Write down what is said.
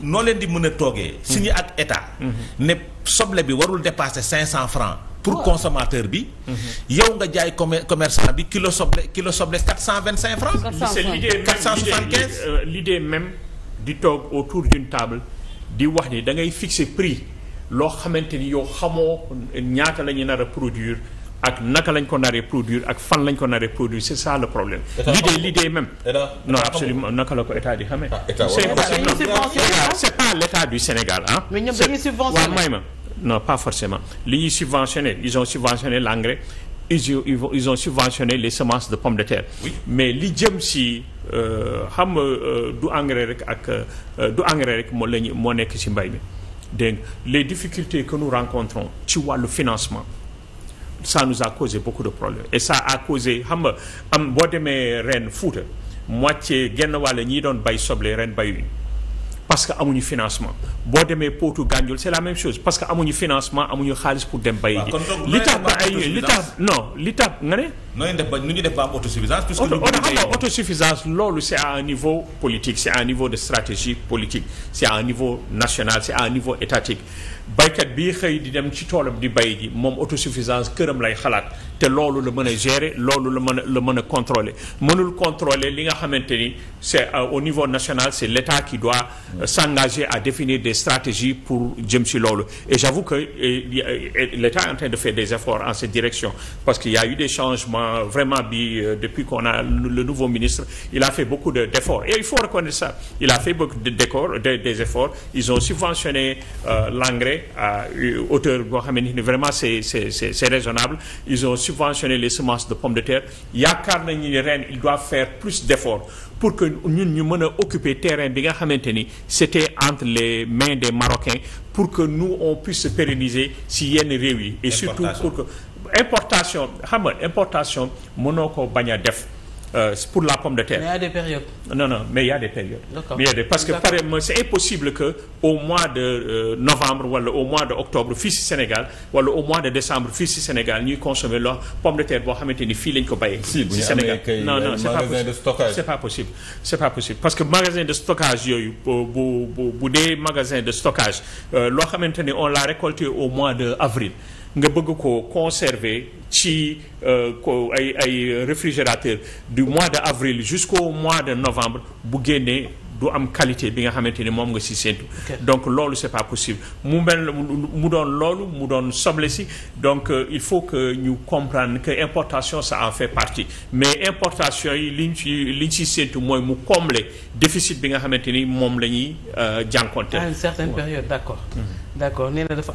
noo leen di mën a toogee. Hmm. signé ak état. Hmm. ne soble bi warul dépasser cinq cent francs pour consommateur bi. Hmm. yow nga jaay commer commerçant bi kilo soble kilo soble quatre cent vingt cinq francs. c'est l'idée quatre cent soixante quinze euh, l'idée même di toog autour d'une table di wax ni da ngay fixer prix loo xamante ni yow xamoo ñaata la ñu nar a ak naka lañ ko naree produire ak fan lañ ko naree produire c'est ça le problème. l'idée l'idée même. non absolument naka la ko état di xamee. Ah, c'est possible c'est pas l'état du Sénégal ah. may ma non pas forcément li ñuy subventionné ils ont subventionné l'engrais ils ils ont subventionné les semences de pommes de terre. mais li jëm si euh, xam nga euh, du engrais rek ak euh, du engrais rek moo lañu moo nekk si mbay mi dégg les difficultés que nous rencontrons ci wàllu financement. ça nous a causé beaucoup de problèmes et ça a causé xam nga am boo demee ren Fuuta moitié genn wàll ñi doon bay soble ren bayuñu parce que amuñu financement boo demee Potou Gandiol c'est la même chose parce que amuñu financement amuñu xaalis pour dem bay ji li tax ba ay li tax non li tax nga ne def ba nu ñu def ba am autosuffisance loolu c'est à un niveau politique c'est à un niveau de stratégie politique c'est à un niveau national c'est à un niveau étatique baykat bii xëy di dem ci toolam di bay ji moom autosuffisance këram lay xalaat te loolu la mën a gérer loolu la mën a la mën a contrôler mënul contrôler li nga xamante ni c'est euh, au niveau national c'est l'État qui doit s'engager à définir des stratégies pour jëm si loolu et j'avoue que l'État est en train de faire des efforts en cette direction parce qu'il y a eu des changements vraiment bi euh, depuis qu'on a le nouveau ministre il a fait beaucoup d'efforts et il faut reconnaître ça il ils ont subventionné euh, l'engrais à euh, hauteur boo xam ne vraiment c'est c'est c'est raisonnable ils ont subventionné les semences de pommes de terre yaakaar nañu ne ren ils doivent faire plus d'efforts pour que ñun ñu mën a occuper terrain bi nga xamante ni c'était entre les mains des Marocains pour que nous on puisse se pérenniser si yenn réew yi et surtout pour que importation xam nga importation mënoo ko bañ a def euh, pour la pomme de terre. mais il des périodes. parce que par exemple c'est impossible que au mois de euh, novembre wala au mois de octobre fii ci Sénégal wala au mois de décembre fii ci Sénégal ñuy consommer la pomme de terre boo xamante ni fii lañ ko bayee. si bu ñu amee kay non non c'est pas possible c'est pas possible parce que magasin de stockage yooyu bu bu bu dee magasin de stockage euh, loo xamante ni on l'a récolter au mois de avril. nga bëgg ko conserver ci euh, ko ay ay réfrigérateur du mois de avril jusqu'au mois de novembre bu génnee du am qualité bi nga xamante ni moom nga si séntu donc loolu c'est pas possible mu mel mu doon loolu mu doon soble si donc euh, il faut que ñu comprendre que importation ça en fait partie mais importation yi li ñu ci li ñu si séntu mooy mu combler déficit bi nga xamante ni moom la ñuy euh, jànkonte à une certaine période d'accord mm-hmm. d'accord